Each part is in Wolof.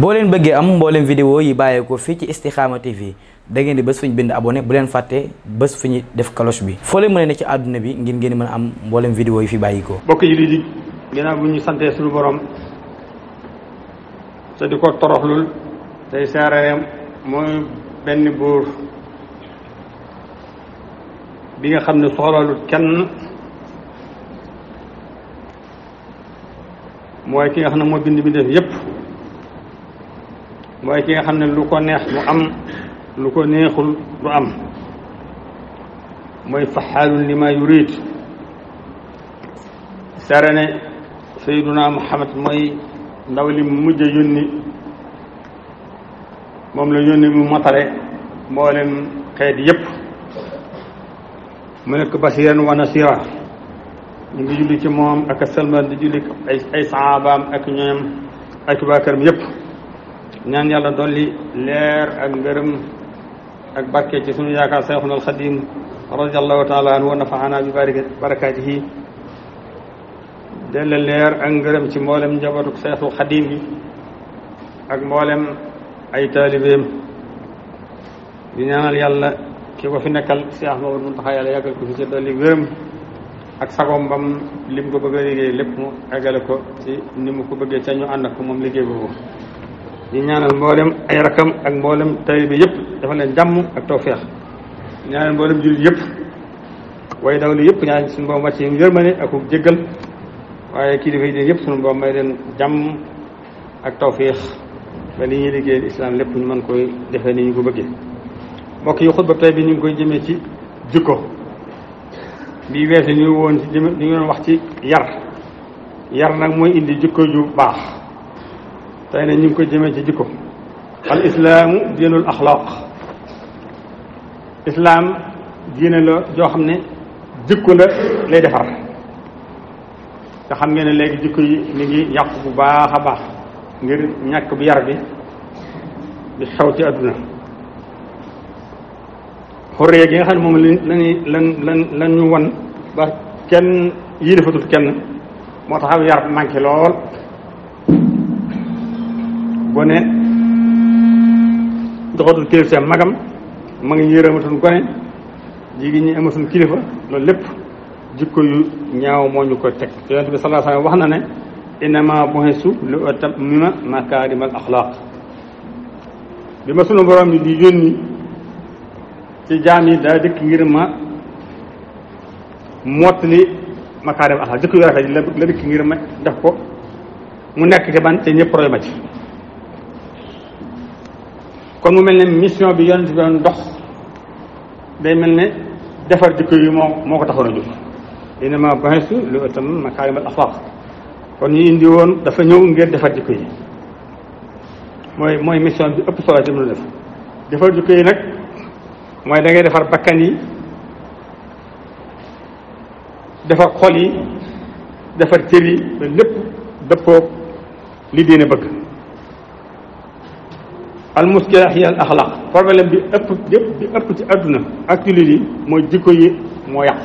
boo leen bëggee am mbooleem vidéo yi bàyyeekoo fii ci Istikhama TV da ngeen di bés fu ñu bind abone bu leen fàttee bés fu ñu def cloche bi foo leen mën a ne ci àdduna bi ngir ngeen mën am mbooleem vidéo yi fi bàyyikoo bokk yi di ginnaaw bu ñu santee suñu borom ko toroxlul bi nga xam ne soxlaalut kenn mooy ki nga xam ne moo bind bi def yépp mooy ki nga xam ne lu ko neex mu am lu ko neexul mooy faxaalun li ma yurid sara ne sayduna muhammad mooy ndaw li mujj yónni moom la yónni mu matale mboolem xeet yépp mu nekk basiran wa nasira ñu ngi ci moom ak di julli ay ay saabaam ak ñoom ak baakaram yépp ñaan yàlla dolli leer ak ngërëm ak barke ci suñu yaakaar Seexuna Alxadim radiallahu taala anhu wa nafaxana bi barakaatihi delle leer ak ngërëm ci mboolem njabootu Seexul Xadim bi ak mboolem ay taalibeem di ñaanal yàlla ki ko fi nekkal si Ahmadu Muntaxa yàlla yàggal ko fi ci dolli gërëm ak sagoom bam lim ko bëgg liggéey lépp mu eggale ko ci ni mu ko bëggee ca ñu ànd ak moom liggéey boobu ñu ñaanal mboolem ay rakam ak mboolem taalibe yëpp dafa leen jàmm ak tawféex ñaanal mboolem jullit yëpp way daw li yëpp ñaan suñu boom wàcce ak jéggal kilifa yi yëpp suñu may leen jàmm ak tawféex ba li liggéey liggéeyal islam lépp ñu mën koy defe ni ñu ko bëggee mbokk yi xutba bi ñu ngi koy jëmee ci jikko bii weesu ñu woon ci jëme ñu ngi doon wax ci yar yar nag mooy indi jikko ju baax tey ne ñu koy ko jëmee ci jikko al islaamu diinul axlaaq islaam diine la joo xam ne jikko la lay defar te xam ngeen ne léegi jikko yi mi ngi yàqu bu baax a baax ngir ñàkk bu yar bi bi xew ci àdduna xoree gi nga xam ne moom lañuy lan lan lan ñu won ba kenn yilifatul kenn moo tax ab yar manqué lool boo ne doxatul kilifa magam ma ngi yërëmatuñ gone jigéen ñi amatuñ kilifa loolu lépp jikko yu ñaaw moo ñu ko teg te bi sallallahu wax na ne innama bu'istu li utammima makaarimal axlaaq bi ma sunu borom bi di yónni ci jaam yi daa dëkk ngir ma mottali makaarim axlaaq jikko yu rafet la dëkk ngir ma def ko mu nekk ci ban te ñëpp roy ci kon mu mel ne mission bi yonent si doon dox day mel ni defar jikko yi moo moo ko taxoon a jóg innamaa bu'istu li utammima makaarimal axlaaq kon ñu indi woon dafa ñëw ngir defar jikko yi mooy mooy mission bi ëpp solo ci mu def defar jikko yi nag mooy dangay defar bakkan yi defar xol yi defar cër yi lépp dëppoo li diine bëgg al muskila hiya al axlaq bi ëpp yëpp bi ëpp ci àdduna ak jullit yi mooy jikko yi moo yàq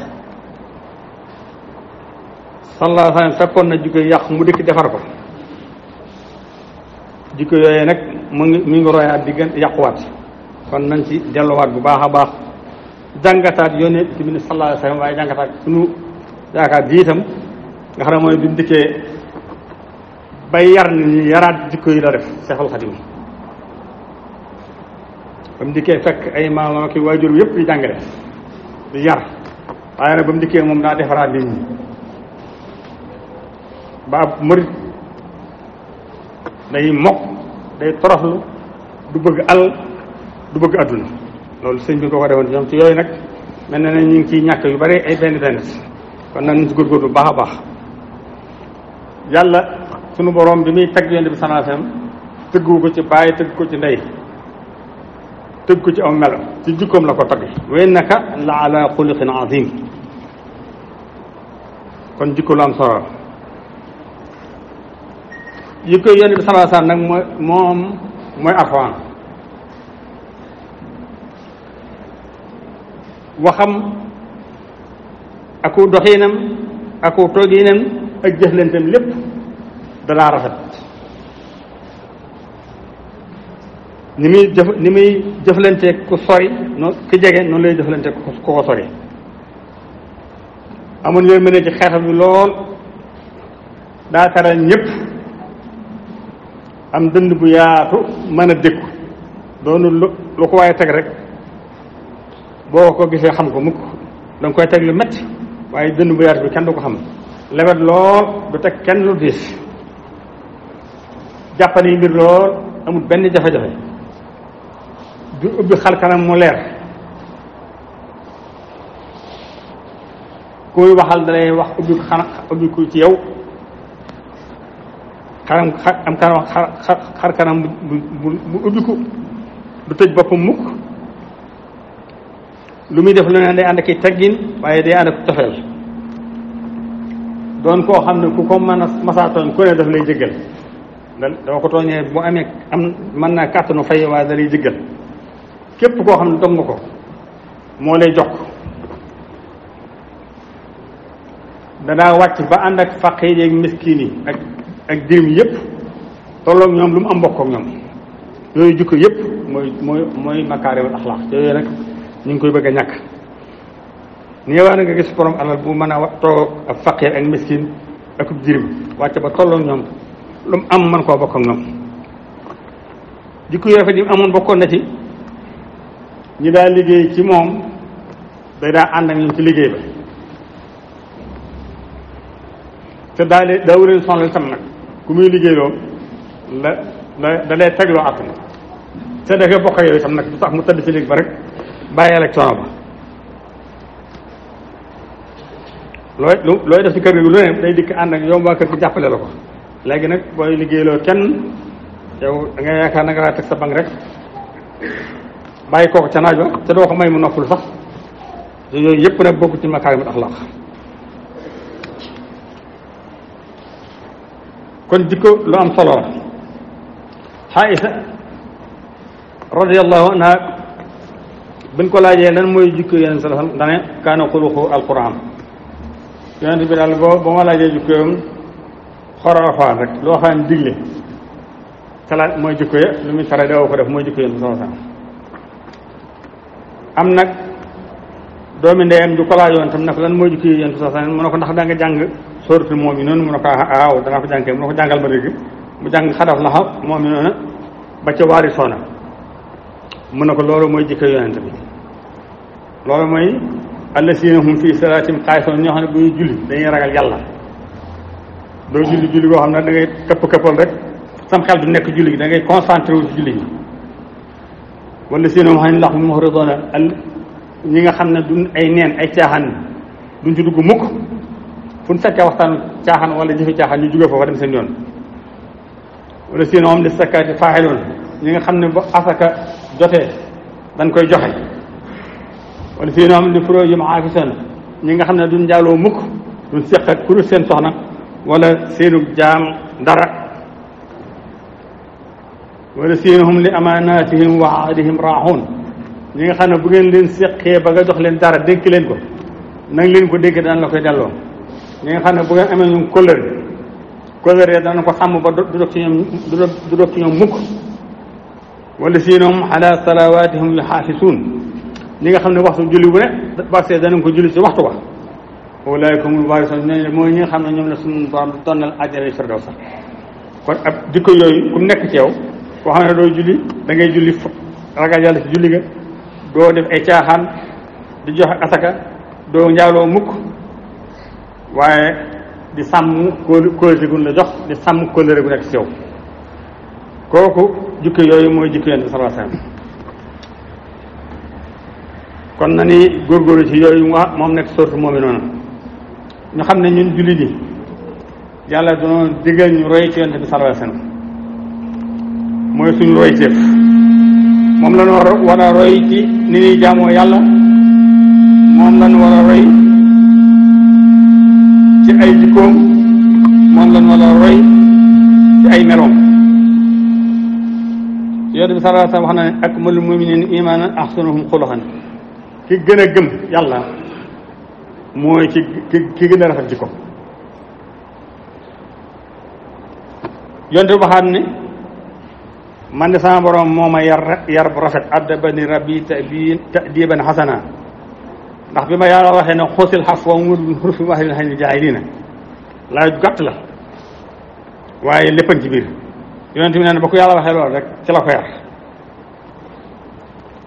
sallallahu alayhi wa na jikko yi yàq mu dikk defar ko jikko yooyee nag mu ngi mu ngi royaat di gën yàquwaat kon nañ ci delluwaat bu baax a baax jàngataat yónnee ci mini sallallahu alayhi waaye jàngataat sunu yaakaar ji itam nga xam ne mooy bi mu dikkee bay yar nit ñi yaraat jikko yi la def Seexul Xadim ba mu dikkee fekk ay maamam ak i waajur yëpp di jàngale di yar waaye nag ba mu dikkee moom daa defaraat nit ñi ba ab murit day mokk day toroxlu du bëgg alal du bëgg adduna loolu sëñ bi ko ko defoon ci yooyu nag mel na ne ñu ngi ciy ñàkk yu bari ay benn benn kon nag ñu ci góorgóorlu baax a baax yàlla sunu boroom bi muy tagg yonent bi sallallahu alayhi ko ci bàyyi tëgg ko ci ndey tëgg ko ci aw melo ci jikkoom la ko tagg wa innaka la ala xuluqin azim kon jikko lu am solo yi koy yonent bi sallallahu alayhi nag mooy moom mooy Alxuraan waxam aku doxiinam aku toogiinam ak jëflanteem lépp dalaa rafet ni muy jëf ni muy jëflanteeg ku sori noonu ku jege noonu lay jëflanteeg ku ko sori amoon yooyu mën ci xeetam bi lool daa taral ñëpp am dënd bu yaatu mën a dékku doonu lu lu waaye teg rek boo ko gisee xam ko mukk da koy teg lu métti waaye dënd bu yaatu bi kenn du ko xam lewet lool du teg kenn lu diis jàppandi mbir lool amul benn jafe-jafe du ubbi xar kanam mu leer kuy waxal dalay wax ubbi xana ubbi ku ci yow xaram am kanam xar kanam bu ubbiku du tëj boppam mukk lu muy def lu ne day ànd ak waaye day ànd ak cofeel doon koo xam ne ku ko mën a masaatoon ku ne daf lay jëggal da dama ko tooñee bu amee am mën naa kàttanu fay waaye da jëggal képp koo xam ne dog nga ko moo lay jokk danaa wàcc ba ànd ak faqiir yeeg miskin yi ak ak jirim yépp tolloog ñoom lu mu am mbokkoog ñoom yooyu jukko yépp mooy mooy mooy makaarimul ñu ngi koy bëgg a ñàkk néewaa na nga gis borom alal bu mën a wattoo ab faqiir ak miskin ak ub jirim ba tolloog ñoom lu am mën koo bokkoog ñoom jukko yoo fa di amoon bokkoon na ci ñi daa liggéey ci moom day daa ànd ak ñun ci liggéey ba te daa lee daa wëral tam nag ku muy liggéeyloo la la da lay tegloo àtt na te dafay bokk yooyu tam nag bu tax mu tëdd ci liggéey ba rek bàyyi élection ba looy looy def ci kër gi lu ne day dikk ànd ak yow waa kër gi jàppale la ko léegi nag booy liggéeyloo kenn yow da yaakaar na nga teg sa banque rek bàyyi kook ca naaj wa te doo ko may mu noppalu sax yooyu yëpp nag bokk ci makaarimat axlaaq kon jikko lu am solo la Aïsa radiyallahu anha buñ ko laajee lan mooy jikko yeneen sa sallam dane kaana xuluqu alquran yonent bi daal boo ba ma laajee jikko yom xorofaan rek loo xam digle talaat mooy jikko ya lu muy tere doo ko def mooy jikko yeneen sa sallam am nag doomi ndeyam ju ko laajoon tam nag lan mooy jukki yi yonent bi sallallahu alayhi wasallam mu ko ndax da nga jàng sóoratul mu'minuun mu ne ko ah, aaw danaa ko jàngkee mu ne ko jàngal ma dégg mu jàng xadaf laxa mu'minuuna ba ca waari soona mu ne ko loolu mooy jikko yonent bi loolu mooy allasiina hum fii salaatim xaayison ñoo xam ne bu ñuy julli dañuy ragal yàlla loolu julli julli koo xam ne da ngay këpp këppal rek sam xel du nekk julli gi da ngay concentré wu ci julli gi wala seen wax ne laxum muhridoona al ñi nga xam ne duñ ay neen ay caaxaan duñ ci dugg mukk fu ñu fekkee waxtaan caaxaan wala jëfe caaxaan ñu jóge foofa dem seen yoon wala seen moom li sakkaati faaxiloon ñi nga xam ne bu asaka jotee dañ koy joxe wala seen moom li furoo yum ñi nga xam ne duñ jaaloo mukk duñ seq ak seen soxna walla seenu jaam dara wala siinahum li amaanaatihim wa ahdihim raaxuun ñi nga xam ne bu ngeen leen seqee ba nga dox leen dara dénk leen ko nang leen ko dénk daan la koy delloo nga xam ne bu ngeen amee ñoom kóllëre kóllëre daan ko xam ba du dog ci mukk du dog ci ñoom mukk wala siinahum ala salawaatihim li xaafisuun ñi nga xam ne waxtu julli bu ne basee danañ ko julli ci waxtu wax ulaayka humul waarisuun ñooñu mooy ñi nga xam ne ñoom la suñu borom tonnal ajjana firdaws sax kon ab jikko yooyu ku nekk ci yow wax na doo julli dangay julli fu ragal yàlla ci julli ga doo def ay caaxaan di jox asaka doo njaaloo mukk waaye di sàmm kóolute gun la jox di sàmm kóolëre gu nekk ci yow kooku jukki yooyu mooy jukki yonent bi sallallahu kon na ni góor góorgóorlu ci yooyu moom nekk sortu moom noonu ñu xam ne ñun jullit yi yàlla doon digal ñu roy ci yonent bi sallallahu mooy suñu royteef moom lañu war a roy ci ni ñuy jaamoo yàlla moom lañu war a roy ci ay jikkoom moom lañu war a roy ci ay meloom yonent bi sallallahu alayhi wa sallam wax na ne akmalul mu'minina imanan ahsanuhum ki gën gëm yàlla mooy ki ki gën a rafet jikko yonent bi waxaat man de sama borom moo ma yar yar bu rafet addabani rabbi tabi tadiban xasana ndax bi ma yàlla waxee ne xoosil xaf wa mul xurfi waxlin xañ ni jaay lii na laaj gàtt la waaye léppan ci biir yonent bi ba ko yàlla waxee loolu rek ci la ko yar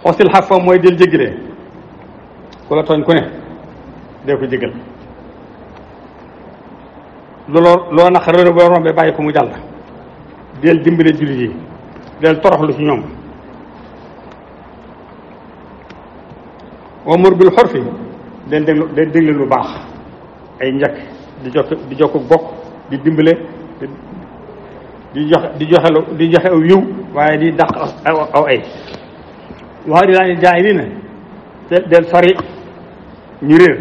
xoosil xaf wa mooy del jéggalee ku la tooñ ku ne dee ko jéggal looloo loo naqar réeru boo rombee bàyyi ko mu jàll del dimbale jullit yi del toroxlu ci ñoom wamur bil xorfi del déglu del dégle lu baax ay njëkk di jokk di jokk bokk di dimbale di jox di joxe di joxe aw yiw waaye di dàq aw ay wax di laa ne jaay lii na del sori ñu réer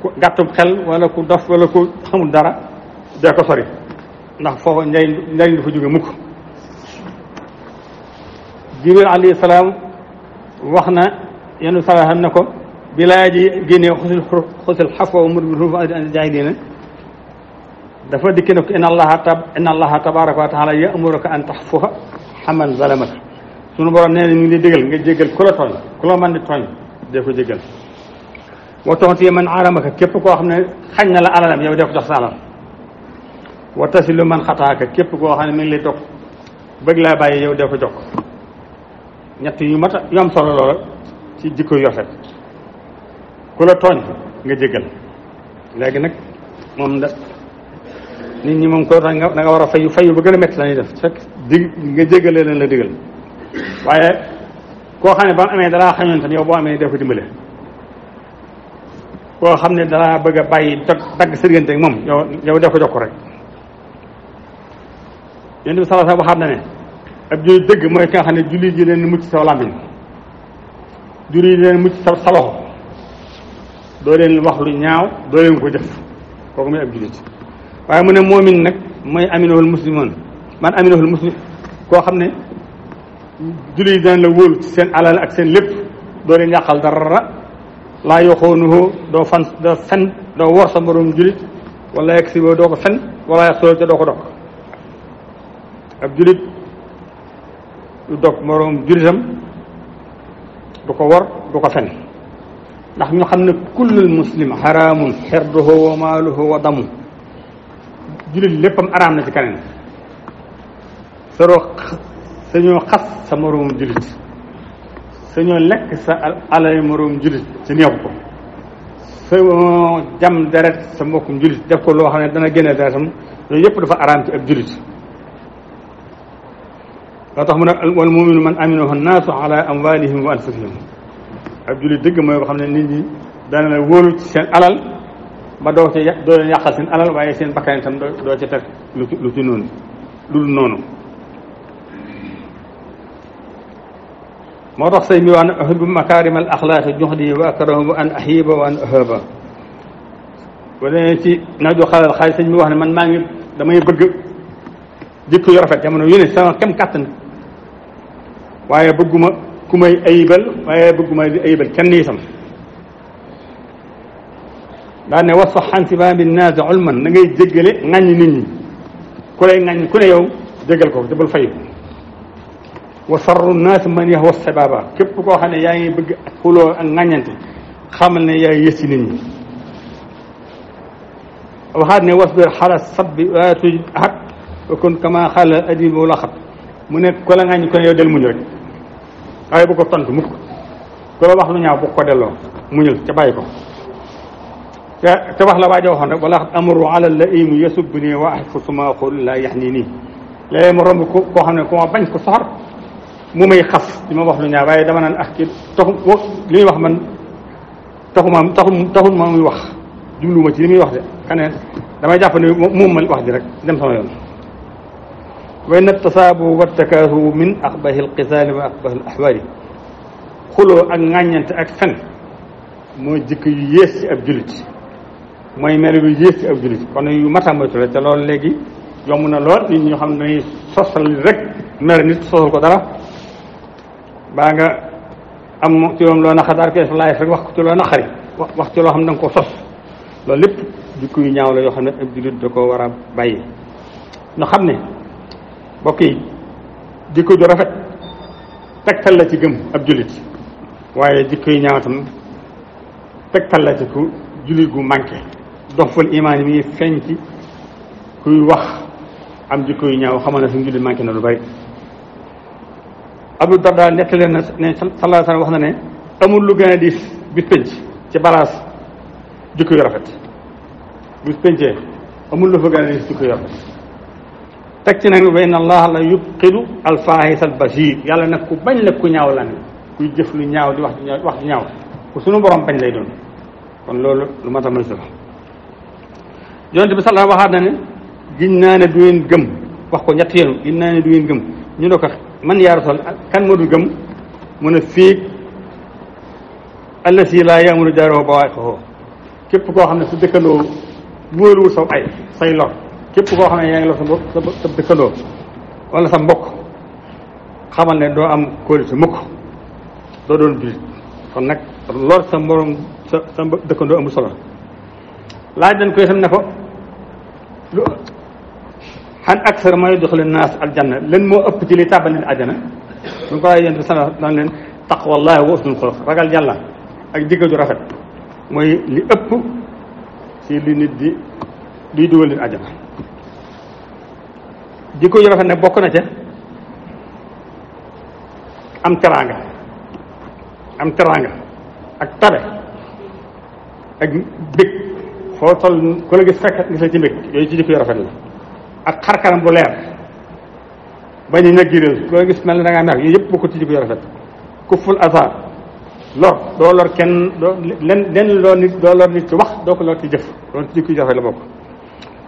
ku gàttum xel wala ku dof wala ku xamul dara dee ko sori ndax foofa njariñ njariñ du fa jóge mukk jibril alayhi salaam wax na yenn salaam xam na ko bi laa ji génnee xusul xusul xafoo mur bi ruufa an jaahiliina dafa dikki ne ko inna allaha tab inna allaha tabaraka wa taala ya'muruka an taxfuha xaman zalamaka sunu borom nee na ñu ngi lay dégal nga jégal ku la tooñ ku la mën di tooñ dee ko jégal wa tu'ti man aramaka képp koo xam ne xañ na la alalam yow dee ko jox sa alal wa tasilu man xataaka képp koo xam ne mi ngi lay topp bëgg laa bàyyi yow dee ko jox ñett yu mat yu am solo loola ci jikko yu ku la tooñ nga jégal léegi nag moom da nit ñi moom ko tax nga da nga war a fayu fayu ba gën a métti lañuy def fekk dig nga jégale leen la digal waaye koo xam ne ba mu amee dalaa xañoon tan yow boo amee def ko dimbale koo xam ne dalaa bëgg a bàyyi dagg sa diggante moom yow yow def ko jox ko rek yéen bi salaa waxaat na ne ab jullit dëgg mooy ki nga xam ne jullit yi leen mucc saw làmmiñ jullit yi leen mucc saw sa loxo doo leen wax lu ñaaw doo leen ko jëf kooku mooy ab jullit waaye mu ne moomin nag mooy aminahul muslimoon man aminahul muslim koo xam ne jullit yi daan la wóolu ci seen alal ak seen lépp doo leen yàqal dara laa yoxoonuhu doo fan doo fen doo wor sa moroom jullit wala yegg si boo doo ko fen wala yàq soo ca doo ko dok ab jullit du dog moroom jullitam du ko war du ko fen ndax ñu xam ne kullul muslim xaraamun xerduhu wa maaluhu wa damu jullit léppam araam na ci kanam saroo sañoo xas sa moroom jullit sañoo lekk sa alal moroom jullit ci neexu ko sañoo jam deret sa mbokkum jullit def ko loo xam ne dana génn deretam yooyu yëpp dafa araam ci ab jullit daa tax mu ne wal muminu man aminahu naasu ala amwalihim wa anfusihim ab jullit dëgg mooy boo xam ne nit ñi dana la wóolu ci seen alal ba doo ca doo leen yàqal seen alal waaye seen bakkan itam doo ca teg lu ci lu ci noonu lu dul noonu moo tax sëñ bi wax ne uhibbu makaarimal axlaaqi juxdi wa akrahu an ahiba wa an ahaba bu dee ci naaju xalal xaalis sëñ bi wax ne man maa ngi damay bëgg jikko yu rafet jamono yu ne sama kem kàttan waaye bëgguma ku may ayibal waaye bëgguma di ayibal kenn itam daa ne wasfa xansiba bi naasi ulman na ngay jéggale ŋàññ nit ñi ku lay ŋàññ ku ne yow jéggal ko jëbal fay wa sarru naasi man yax was sababa képp koo xam ne yaa ngi bëgg ak xuloo ak ŋàññante xamal ne yaa yës ci nit ñi waxaat ne wasbir xala sabbi waa tuj xaq wa kun kama xala adib mu ne ku la ŋàññ ku ne yow del muñ rek waaye bu ko tontu mukk ku la wax lu ñaaw bu ko delloo muñul ca bàyyi ko te wax la waajo waxoon rek wala amru ala la imu yasub nii wa ahfu suma qul la yaxni nii léeg-léeg ma romb ko koo xam ne ku ma bañ ko soxor mu may xas di ma wax lu ñaaw waaye dama naan ak ah, ki taxu li muy wax man taxu ma taxu taxul ma muy wax jubluwuma ci li muy wax de xane damay jàpp ne moom ma wax ji rek dem sama yoon وإن التصاب والتكاثر من أقبح القتال وأقبح الأحوال xuloo ak ŋàññante ak fen mooy jikk yu yées ci ab jullit mooy melo yu yées ci ab jullit kon yu mat a moytu la te loolu léegi yomb na lool nit ñoo xam ne dañuy sosal rek mer nit sosal ko dara baa nga am ci loom loo naqar daal koy live rek wax ko ci loo naqari wax ci loo xam ne da nga ko sos loolu lépp jikk yu ñaaw la yoo xam ne ab jullit da ko war a bàyyi ñu xam ne mbokk yi jikko ju rafet tegtal la ci gëm ab jullit waaye jikko yu ñaaw tam tegtal la ci ku jullit gu manqué doxful imaan yi mi feeñ ci kuy wax am jikko yu ñaaw xamal na jullit manqué na lu bari Abu Darda nettali na ne sallallahu alayhi wax na ne amul lu gën a diis bis pénc ci balaas jikko yu rafet bis péncee amul lu fa gën a diis jikko yu rafet teg ci nag ni bayna allah la yubqidu alfaahis albasir yàlla nag ku bañ la ku ñaaw lan kuy jëf lu ñaaw di wax di ñaaw ku sunu borom bañ lay doon kon loolu lu ma tamay solo yonent bi sallallahu waxaat na ne giñ naa ne du ngeen gëm wax ko ñetti yoon giñ naa ne du ngeen gëm ñu ne ko man yaa rasul kan moo du gëm mu ne fii allasi laa yamuru jaaroo ba waay képp koo xam ne su dëkkandoo wóoruwul saw ay say lor képp koo xam ne yaa ngi lor sa dëkkandoo wala sa mbokk xamal ne doo am kóolute mukk doo doon jullit kon nag lor sa morom dëkkandoo amul solo laaj dañ koy xam ne ko lu xan aksar ma yudxilu naas aljanna leen moo ëpp ci li tàbbal leen àjjana bu ñu ko waxee yéen bi sana daan wa husnul xuluq ragal yàlla ak jikko ju rafet mooy li ëpp ci li nit di liy dugal nit jikko yu rafet ne bokk na ca am teraanga am teraanga ak tabe ak bég foo toll ku la gis fekk gis la ci mbég yooyu ci jikko yu rafet la ak xarkanam bu leer bañ a ñaggiréel ku la gis mel ne da ngaa mer yooyu yëpp bokk ci jikko yu rafet ku ful azar lor doo lor kenn doo len lenn loo nit doo lor nit ci wax doo ko lor ci jëf loolu ci jikko yu rafet la bokk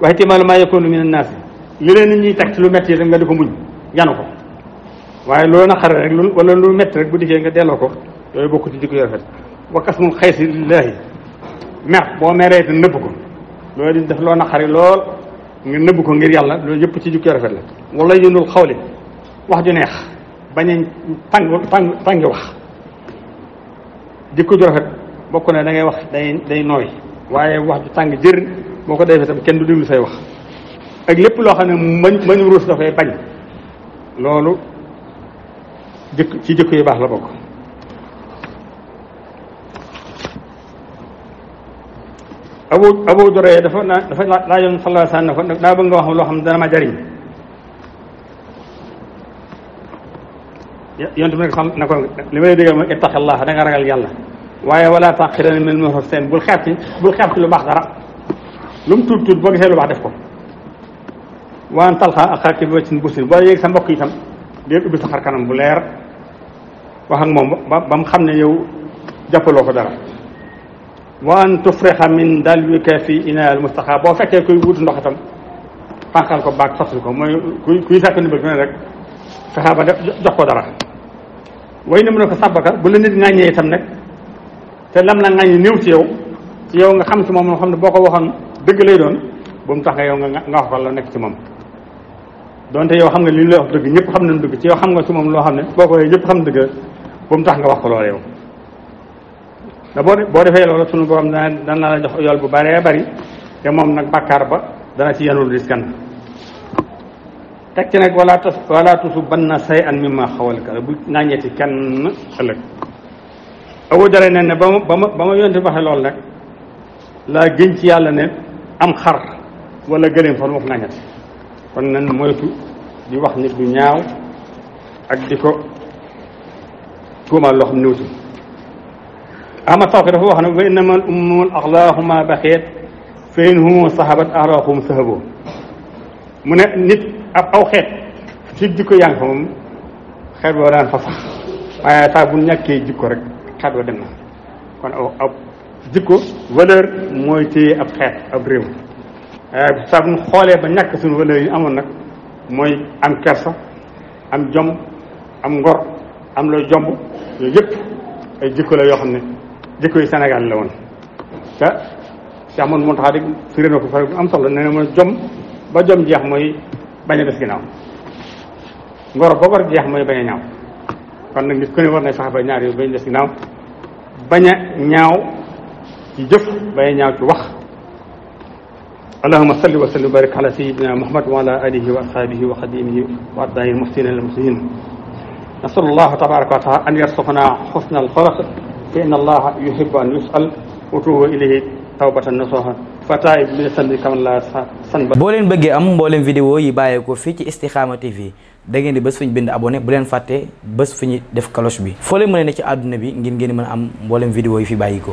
waaye timalu maa yakunu min annaasi li leen nit ñuy teg ci lu métti rek nga di ko muñ yanu ko waaye loolu na xare rek lu wala lu metti rek bu dikkee nga delloo ko yooyu bokku ci jikko yu rafet wakkas moom xay si laahi mer boo meree te nëbb ko loolu di def loo na xare lool nga nëbb ko ngir yàlla loolu yëpp ci jikko yu rafet la wala yëndul xawli wax ju neex bañ a pang pangi wax jikko ju bokk na da ngay wax day day nooy waaye wax ju tàng jër boo ko defee tam kenn du déglu say wax ak lépp loo xam ne mañ mañu ruus dafay bañ loolu jëkk ci jëkk yu baax la bokk abu abu duree dafa naa dafa laajoon sallallahu alayhi wa sallam ne ko daa bëgg nga wax loo xam ne dana ma jariñ yonent bi ne ko xam ne ko li may déggal mooy ittaqillah da nga ragal yàlla waaye wala taqiran min muhsin bul xeeb ci bul xeeb ci lu baax dara lu mu tuut tuut boo gisee lu baax def ko waan talxaa ak xarit bi ci busir sa mbokk itam tam ubbi sa xar kanam bu leer wax ak moom ba mu xam ne yow jàppaloo ko dara waan tufrixa min dalwika fi inaal boo fekkee kuy wutu ndox itam fànqal ko baag ko mooy kuy kuy sàkk ne rek fexe jox ko dara way na mu ne ko sàbbaka bu la nit ŋàññee itam nag te lam la yi néew ci yow ci yow nga xam ci moom moo xam ne boo ko waxoon dëgg lay doon bu mu tax nga yow nga nga wax la nekk ci moom donte yow xam nga li ñu lay wax dëgg ñëpp xam nañ dëgg ci yow xam nga ci moom loo xam ne boo ko waxee ñëpp xam dëgg bu mu tax nga wax ko loolu yow da boo defee loolu sunu borom dana dana la jox yool bu bëree bëri moom nag bàkkaar ba dana ci yenul riskan teg ci nag wala ban na say an mi ma xawal bu naañeeti kenn ëllëg abu dara ne ba ma ba ma ba ma yonte loolu nag laa gën ci yàlla ne am xar wala gëléem fan ma ko naañeeti kon nan moytu di wax nit du ñaaw ak di ko tuumaal loo xam niwusi ahmad sawfi dafa wax ne wa innama al ummul axlaaqu ma baxeet fa in humu sahabat axlaaquhum sahaboo mu ne nit ab aw xeet fii jikko yaa ngi fa moom fa sax waaye saa bu ñàkkee jikko rek xeet ba dem ab jikko valeur mooy téye ab xeet ab réew Euh, saa bu xoolee ba ñàkk suñu valeur yi amoon nag mooy am kersa am jom am ngor am loo jomb yooyu yëpp ay jikko la yoo xam ne jikko yi Sénégal la woon te Cheikh Mouhamadou Mountakha rek fi réew na ko fa am soxla nee na mooy jom ba jom jeex mooy bañ a des ginnaaw ngor ba war jeex mooy bañ a ñaaw kon nag nit ku ne war na sax ñaar yooyu bañ a des ginnaaw ñaaw ci jëf bañ a ñaaw ci wax allahuma salli wa salli wa barik ala sayidina muhammad wa ala alihi wa ashabihi wa xadimihi wa atbaahi muhsinin al muhsinin nasal allahu tabaraka wa taala an yarsuqna xusna al xalaq fa inna allaha yuhibbu an yusal wa tuubu boo leen bëggee am mboolem vidéo yi bàyyeekoo fii ci Istikhama TV da ngeen di bés fu ñu bind abonné bu leen fàttee bés fu ñu def cloche bi foo leen ne ci àdduna bi ngir ngeen mën am mboolem vidéo yi fi bàyyikoo